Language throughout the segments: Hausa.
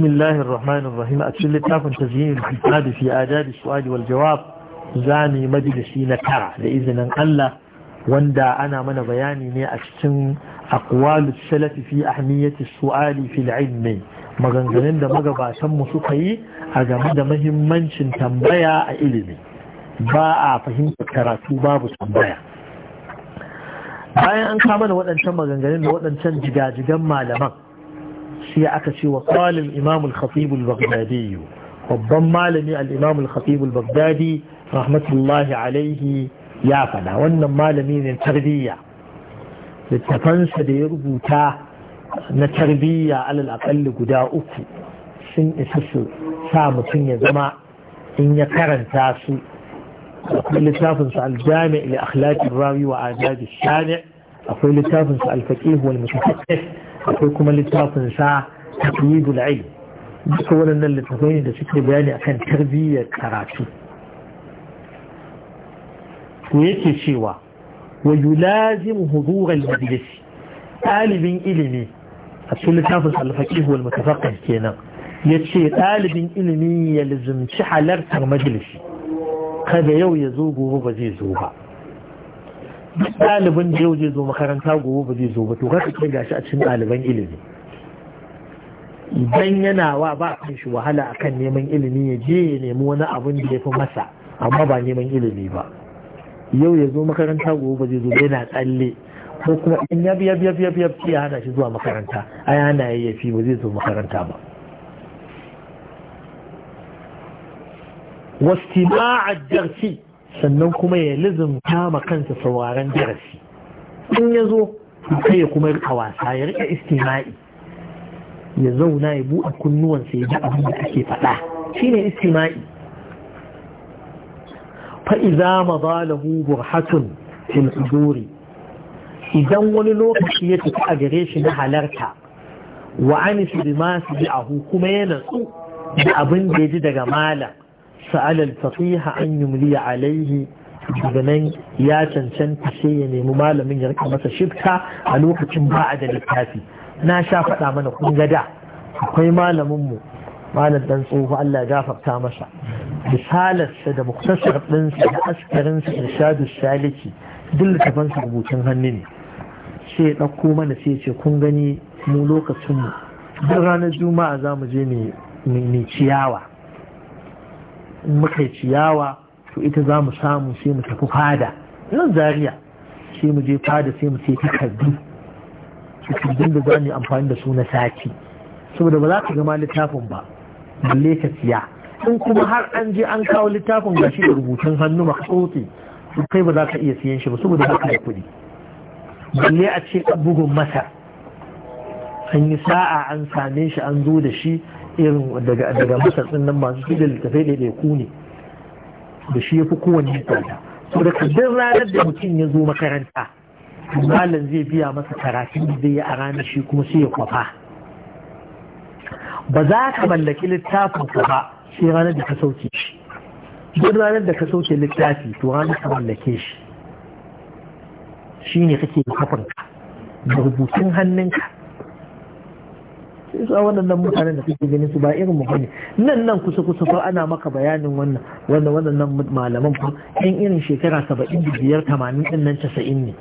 a cikin بسم الله الرحمن الرحيم أتشل التافن تزيين الحساب في آداب السؤال والجواب زاني مجلسي نترى لإذن الله واندا أنا من بياني ني أتشن أقوال fi في أهمية السؤال في العلم maganganun da magabatan mu suka yi a game da mahimmancin tambaya a ilimi ba a fahimtar karatu babu tambaya bayan an kama da waɗancan maganganun da waɗancan jigajigan malaman sai aka ce wa qalil imamul al baghdadi babban malami al-imam al baghdadi rahmatullahi alaihi ya fada wannan malami ne tarbiyya littafansa da ya rubuta na tarbiyya alal guda uku sun isa su sa mutum ya zama in ya karanta su akwai littafinsa aljami' li akhlaqir rawi wa adabi shani' akwai littafinsa al-faqih wal mutafaqqih akwai kuma littafin sa taqyidul ilm duka waɗannan littafai ne da suke bayani akan tarbiyyar karatu to yake cewa wa yulazim hudura al-majlis ɗalibin ilimi a cikin littafin al-faqih wal mutafaqqih kenan yace ɗalibin ilimi ya lazimci halartar majalisi kada yau ya zo gobe ba zai zo ba duk ɗaliban da yau zai zo makaranta gobe ba zai zo ba to kaka ke gashi a cikin ɗaliban ilimi idan yana wa ba kan shi wahala a kan neman ilimi ya je ya nemi wani abun da ya fi masa amma ba neman ilimi ba yau ya zo makaranta gobe ba zai zo yana tsalle ko kuma in yab yab yab yab biya ya hana shi zuwa makaranta ai hana yayyafi ba zai zo makaranta ba واستماع الدرس sannan kuma ya lizumta ma kansa sauraron darasi in ya zo kai ya kuma a wasa ya rika istima'i ya zauna ya buɗe kunnuwansa ya ji abin da ake faɗa shine istima'i fa idza madalahu burhatun fil huduri idan wani lokaci ya tafi a gare shi na halarta wa an su bi ma su bi ahu kuma ya natsu da abin da ya ji daga malam سأل الفقيه أن alaihi alaihi ganin ya cancanta sai ya nemi malamin ya rika masa shifka a lokacin ba a da littafi na sha faɗa mana kun gada akwai malaminmu malam dan tsoho Allah ya gafarta masa misalarsa da muktasar ɗinsa da askarinsa irshadu saliki duk littafansa rubutun hannu ne sai ya ɗauko mana sai ce kun gani mu lokacinmu duk ranar juma'a za mu je mai ciyawa in muka ciyawa to ita za mu samu sai mu tafi fada nan zariya sai mu je fada sai mu ce takardu takardun da za mu amfani da su na sati saboda ba za ka gama littafin ba balle ka siya in kuma har an je an kawo littafin gashi da rubutun hannu maka tsotse kai ba za ka iya siyan shi ba saboda ba ka yi kuɗi balle a ce bugun masa, an yi sa'a an same shi an zo da shi irin daga daga masar din nan masu shi da littafai da ko ne da shi ya fi kowanne tsada so da kaddar ranar da mutum ya zo makaranta malam zai biya masa karatun da zai yi a ranar shi kuma sai ya kwafa ba za ka mallaki littafin ka ba sai ranar da ka sauke shi duk ranar da ka sauke littafi to ranar ka mallake shi shine kake kafanka da rubutun hannunka a waɗannan mutanen da kake ganin su ba irin mu bane nan nan kusa kusa fa ana maka bayanin wannan wannan waɗannan malaman fa yan irin shekara 75 80 din nan 90 ne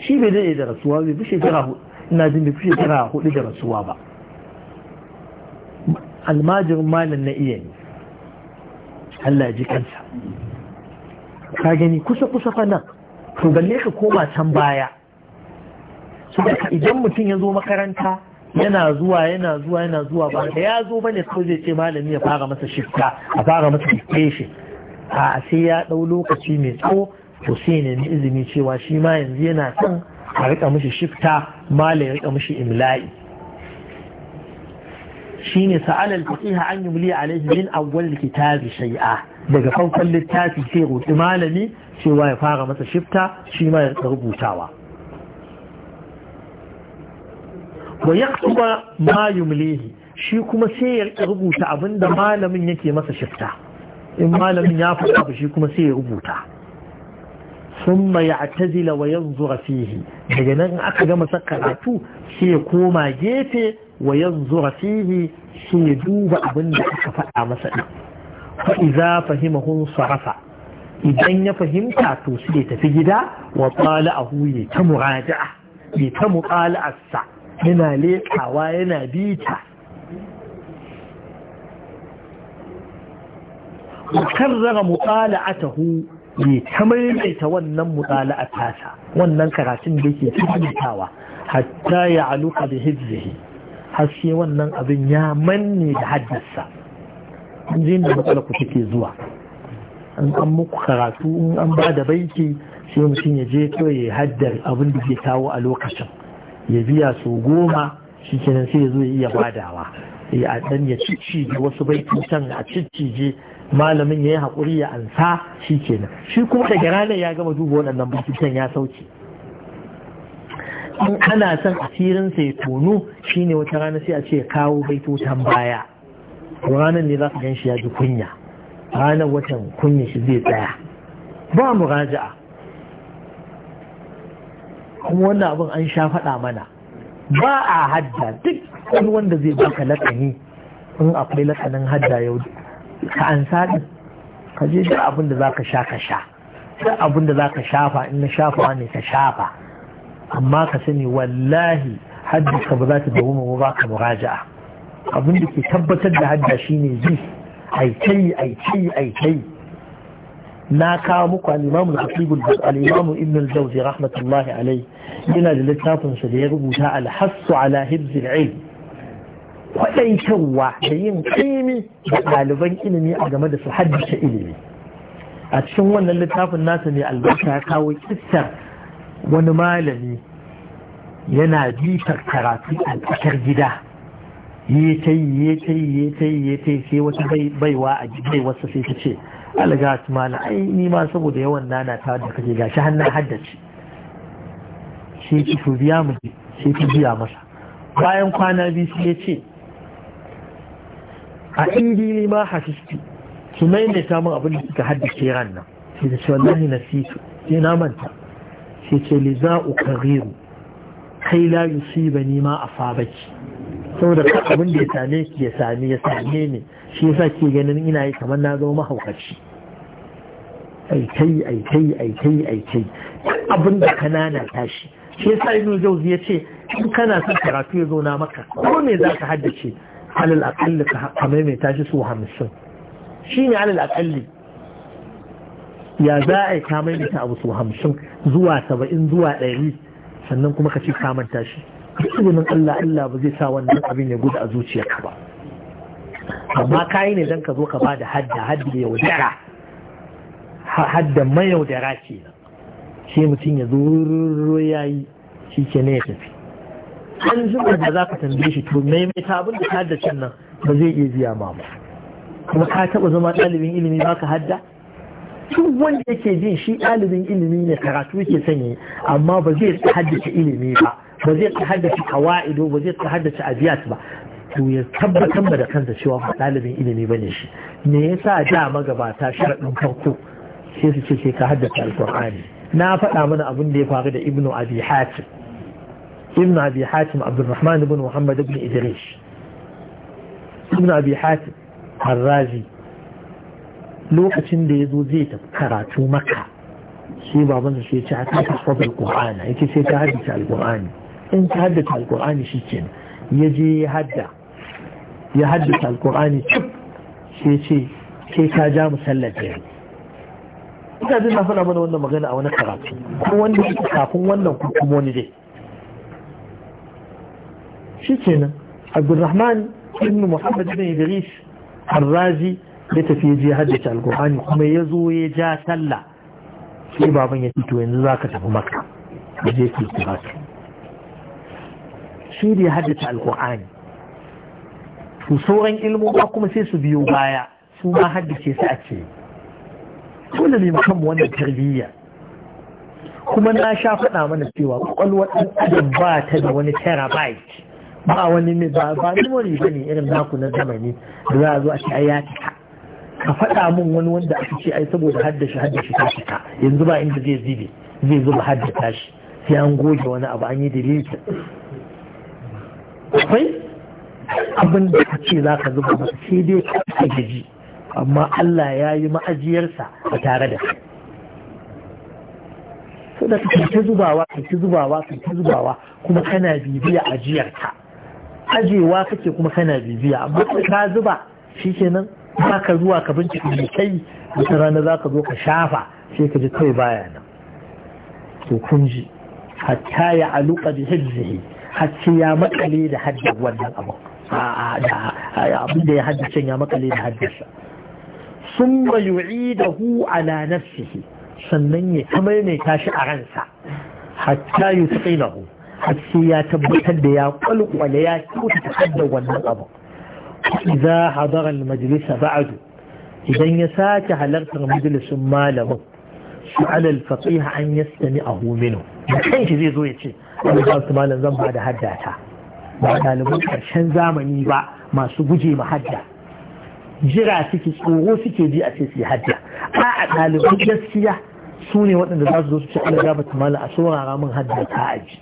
shi bai dade da rasuwa bai fi shekara hudu ina jin bai fi shekara hudu da rasuwa ba almajirin malam na iya ne Allah ji kansa ka gani kusa kusa fa nan to balle ka koma can baya idan mutum ya zo makaranta yana zuwa yana zuwa yana zuwa ba da ya zo bane ko zai ce malami ya fara masa shifta a fara masa shi. a sai ya dau lokaci mai tsawo to sai ne izini cewa shi ma yanzu yana son a rika mishi shifta mala ya rika mishi imla'i shine sa'ala al-faqih an yumli alayhi min awwal kitabi shay'a daga farkon littafi sai roƙi malami cewa ya fara masa shifta shi ma ya rubutawa wa yaktuba ma yumlihi shi kuma sai ya rubuta abinda malamin yake masa shifta in malamin ya faɗa shi kuma sai ya rubuta summa ya'tazila wa yanzura fihi daga nan aka gama karatu sai ya koma gefe wa yanzura fihi sai ya duba abinda aka faɗa masa din fa idza fahimahu sarafa idan ya fahimta to sai ya tafi gida wa a huye ta muraja'a ya ta muqala'arsa yana lekawa yana bita karrara mutala'atahu bai ta maimaita wannan mutala'a tasa wannan karatun da yake tsanantawa hatta ya aluka da hizzihi har sai wannan abin ya manne da haddasa an ji inda matsala ku take zuwa an an muku karatu in an ba da banki, sai mutum ya je to ya haddar abin da ke kawo a lokacin ya biya su goma shi kenan sai ya zo ya iya badawa eh, a dan ya ciccije wasu baitutan a ciccije malamin ya yi haƙuri ya ansa shi kenan shi kuma daga ranar ya gama duba waɗannan baitutan ya sauke in ana son asirinsa ya tono shine wata rana sai a ce kawo baitutan baya ranar ne za ka gan shi ya ji kunya ranar watan kunya shi zai tsaya ba muraja'a kuma wannan abin an sha faɗa mana ba a hadda duk wani wanda zai baka lakani in akwai lakanin hadda yau ka an sadin ka je da abin da za ka sha ka sha duk abin da za ka shafa in na shafawa ne ka shafa amma ka sani wallahi hadda ka ba za ta dawo ba ka muraja'a abin da ke tabbatar da hadda shine zai aikai aikai aikai na kawo muku al'imamu al-hafibul al'imamu ibn al-jawzi rahmatullahi alai yana da littafinsa da ya rubuta al-hassu ala hibzil ilm kwaɗaitarwa da yin ƙaimi da ɗaliban ilimi a game da su haddace ilimi a cikin wannan littafin nasa ne albarka ya kawo kissar wani malami yana bitar karatu a tsakar gida ya ta yi ya ta yi ya ta yi ya ta yi sai wata baiwa a wasa sai ta ce alga mala ai ni ma saboda yawan nana ta da kake gashi har haddace shi ki su biya mu shi ki biya masa bayan kwana biyu sai ya ce a indi ni ma hafisti su maimaita mun abin da suka haddace ran nan sai da shi wallahi nasitu sai na manta sai ce li za'u kariru kai la yusiba ni ma afabaki saboda abin da ya same ki ya same ya same ni shi yasa ke ganin ina yi kamar na zama mahaukaci aikai aikai aikai aikai abin da kanana tashi shi yasa inu jauzi ya ce in kana son karatu ya zo maka ko me za ka haddace halal akalli ka maimaita shi su hamsin shi ne halal akalli ya za a yi maimaita abu su hamsin zuwa saba'in zuwa ɗari sannan kuma ka ci kamanta shi izinin Allah Allah ba zai sa wannan abin ya gudu a zuciyarka ba amma yi ne don ka zo ka ba da hadda hadda yaudara hadda mayaudara ce sai mutum ya zo ya yi shi ke ne ya tafi an zuba da za ka tambaye shi to mai mai tabin da cin nan ba zai iya biya ma ba kuma ka taba zama ɗalibin ilimi ba ka hadda duk wanda yake jin shi ɗalibin ilimi ne karatu yake sanya amma ba zai haddace ilimi ba ba zai haddace kawaido ba zai haddace abiyat ba to ya tabbatar da kansa cewa ba ɗalibin ilimi ba ne shi me yasa da magabata sharaɗin farko sai su ce sai ka haddace alƙur'ani na faɗa mana abin da ya faru da ibnu abi hatim ibnu abi hatim abdurrahman ibn muhammad ibn idris ibnu abi hatim harrazi lokacin da ya zo zai tafi karatu maka shi babansa shi ya ce a ta kasfafa alƙur'ani yake ce sai ka haddace alƙur'ani in ka haddata alkur'ani shi ke ya je ya hadda haddata alkur'ani cip sai ce sai ka ja musallar da yau ina zai na faɗa mana wannan magana a wani karatu ko wanda kafin wannan ko kuma wani dai shi ke nan abdulrahman ibn muhammad ibn idris harrazi ya tafi ya je haddace alkur'ani kuma ya zo ya ja sallah sai baban ya fito yanzu za ka tafi maka ya je ki karatu shi ne haddace alkur'ani Su sauran ba kuma sai su biyo baya su ma haddace su a ce dole ne mukan wannan tarbiyya kuma na sha faɗa mana cewa kwakwalwar ɗan adam ba ta da wani terabyte ba wani ne ba ba memory ba ne irin naku na zamani da za a zo a ce ya cika ka faɗa min wani wanda aka ce ai saboda haddashi haddashi ta cika yanzu ba inda zai zibe zai zuba haddata shi sai an goge wani abu an yi dalilin akwai abin da ka ce za ka zuba masa sai dai ka gaji amma Allah ya yi ma'ajiyarsa a tare da kai so da ka ta zubawa ka zubawa ka zubawa kuma kana bibiya ajiyarka ajewa kake kuma kana bibiya amma ka zuba shi kenan ba ka zuwa ka bincika mai kai wata rana za ka zo ka shafa sai ka ji kai baya nan to kun ji hatta ya aluka bi hacce ya makale da haddar wannan abu abin da ya haddace ya makale da haddarsa sun ba yu'idahu ala nafsihi sannan ya kamar ne tashi a ransa hatta yutqinahu hacce ya tabbatar da ya kwalkwale ya kyautata haddar wannan abu Za a al-majlis ba'adu idan ya sake halartar majalisin malamin su alal faqih an yastami'ahu a kan shi zai zo ya ce wani za su malam zan ba da haddata ba ɗaliban ƙarshen zamani ba masu guje ma hadda jira suke tsoro suke ji a ce hadda a a ɗaliban gaskiya su ne waɗanda za su zo su ce ala gaba malam a saurara min hadda ta aji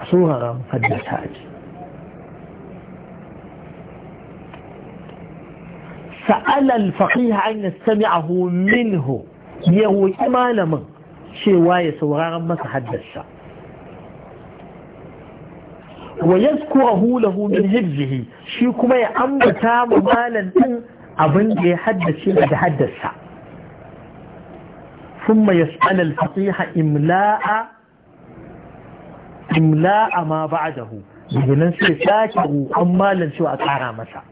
a saurara min hadda ta aji Sa'alal al-faqih an yastami'ahu minhu ya roki malamin شيء واي سوغاغا ما تحدثا ويذكره له من هبزه شيء كما يأمتا ممالا أبن يحدث يحدثا ثم يسأل الفقيح إملاء إملاء ما بعده لأنه سيساكر أمالا شو أكارا مسا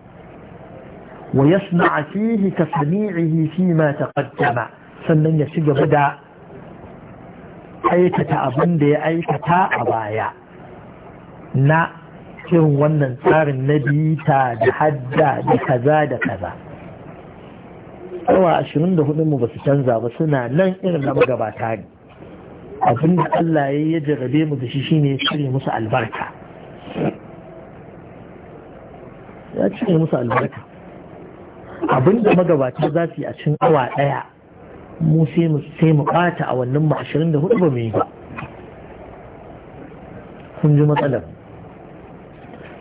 ويصنع فيه كصنيعه فيما تقدم سنن يسجب بدأ aikata abin da ya aikata a baya na cin wannan tsarin na bita da hadda da kaza da kaza ashirin da mu ba su canza ba suna nan irin na magabata ne abin da Allah ya yi jarabe mu da shi ne cire musu albarka ya cire musu albarka abin da magabata za su yi a cin awa ɗaya mu sai mu ɓata a wannan da hudu ba mu yi ba kun ji matsalar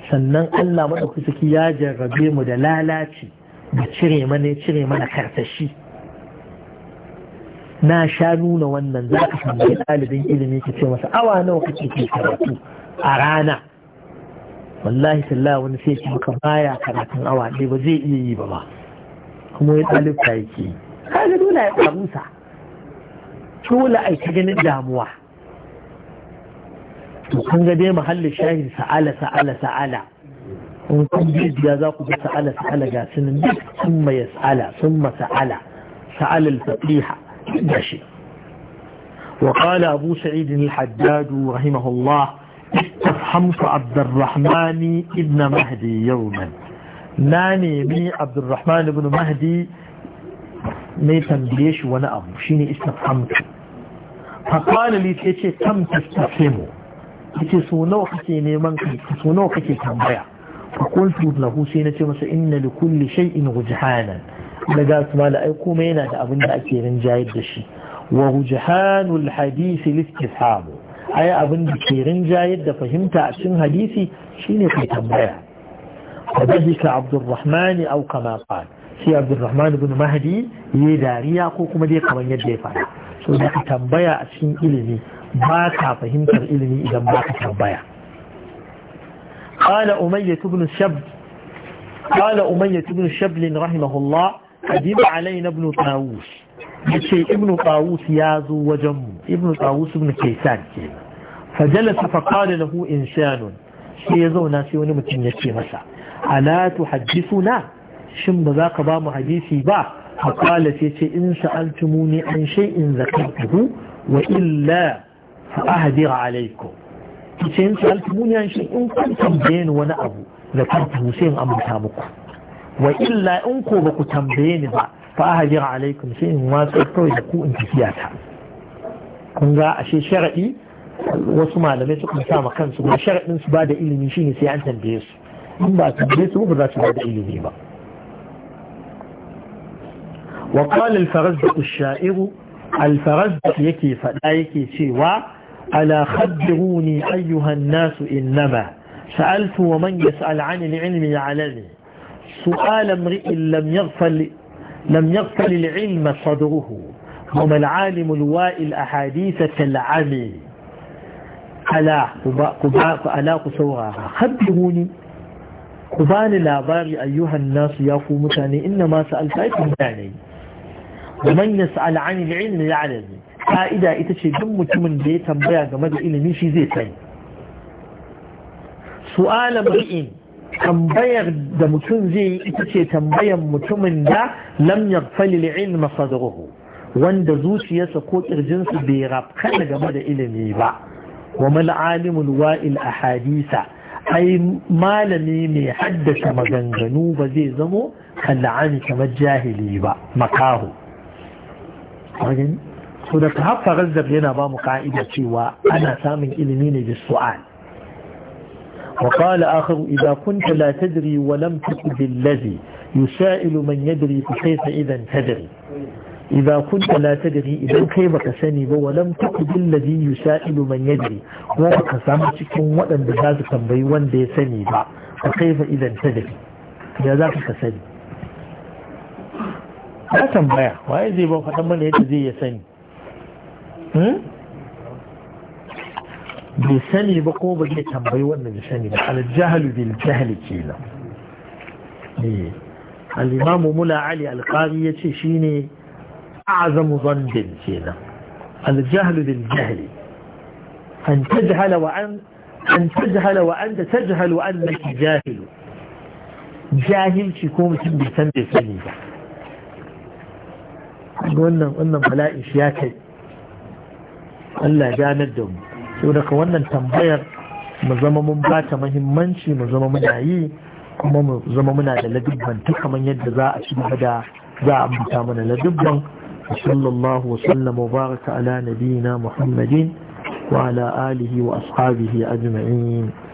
sannan Allah suke ya jarrabe mu da lalaci da cire mana cire mana karsashi na sha nuna wannan za ka tambayi ɗalibin ilimi ka ce masa awa nawa kake ke karatu a rana wallahi sallah wani sai ki maka baya karatun awa ɗaya ba zai iya yi ba ba kuma ya ɗalibta yake yi kaga dole ya samu sa dole ai ta ganin damuwa to kun ga dai mahallin shahin sa'ala sa'ala sa'ala in kun jijiya za ku ga sa'ala sa'ala ga sunan duk sun ma yas'ala sun ma sa'ala sa'ala al-fatiha da shi وقال أبو سعيد الحجاج رحمه الله استفحمت عبد الرحمن ابن مهدي يوما ناني مي عبد الرحمن ابن مهدي ne tambaye shi wani abu shine istafhamtu fa qala li sai ce kam tastafhimu yace so nawa kake neman kai so nawa kake tambaya fa qultu lahu sai ce masa inna li kulli shay'in rujhanan daga asma la ai kuma yana da abin da ake rinjayar da shi wa rujhanul hadisi listifhamu ai abin da ke rinjayar da fahimta a cikin hadisi shine kai tambaya فضحك عبد الرحمن أو sai abdurrahman ibn mahdi yayi dariya ko kuma dai kamar yadda ya faɗa so da ka tambaya a cikin ilimi ba ka fahimtar ilimi idan ba ka tambaya قال أمية بن شب قال أمية بن شبل رحمه الله قدم علينا ابن طاووس يشي ابن طاووس يازو وجم ابن طاووس بن كيسان فجلس فقال له إنسان سيزو ناسي ونمتن يشي مسا ألا تحدثنا shin ba za ka ba mu hadisi ba faƙala sai ce in sha'altumu ne an zakar zakatuhu wa illa fa alaiko. Ki ce in sha'altumu ne an shai'in kun tambaye ni wani abu zakatuhu sai in amurta muku wa illa in ko ba ku tambaye ni ba fa ahdir alaikum sai in watsa kawai da ku in tafiya ta kun ga ashe sharaɗi wasu malamai su kan sama kansu ba shar'in su ba da ilimi shine sai an tambaye su in ba tambaye su ba za su ba da ilimi ba وقال الفرزدق الشائر الفرزدق يكي فلا يكي سوى ألا خبروني أيها الناس إنما سألت ومن يسأل عن العلم يعلمه سؤال امرئ لم يغفل لم يغفل العلم صدره وما العالم الوائل أحاديث كالعمي ألا قباء ألا قصورها خبروني قبان باري أيها الناس يا فو إنما سألت أي da man yas'al da ilimin ya alazi ka'ida ita ce duk mutumin da ya tambaya game da ilimin shi zai sani su'ala mar'in tambayar da mutum zai yi ita ce tambayar mutumin da lamyar falil ilimin ilm wanda zuciyarsa ko kirjinsu bai rafkana game da ilimi ba wa mal’alimin wa’il a hadisa ai malami mai haddasa maganganu ba zai zamo kal'ani kamar jahili ba makaho so da ka hafa razzab yana ba mu ka'ida cewa ana samun ilimi ne da su'al وقال آخر إذا كنت لا تدري ولم تكن الذي يسائل من يدري فكيف إذا تدري إذا كنت لا تدري إذا كيف كسنب ولم تكن الذي يسائل من يدري وكسامتك وأن بهذا تنبي وان دي سنب فكيف إذا تدري يا ذاك كسنب ka tambaya waye zai ba faɗan mana yadda zai ya sani bai sani ba ko ba zai tambayi wannan da sani ba aljahalu bil jahali kenan al-imam mula ali al-qari yace shine a'zamu zandin kenan al-jahlu bil jahli an tajhala wa an an tajhala wa an tajhalu annaka jahil jahilci ko mutum bai san bai sani ba wannan wannan bala'in shi ya kai Allah ganar da mu sau daga wannan tambayar mu zama mun ba ta mahimmanci mu zama muna yi kuma mu zama muna da ladubban ta kamar yadda za a ci gaba da za a ambata mana ladubban wa الله ala وبارك muhammadin wa'ala محمد wa آله وأصحابه أجمعين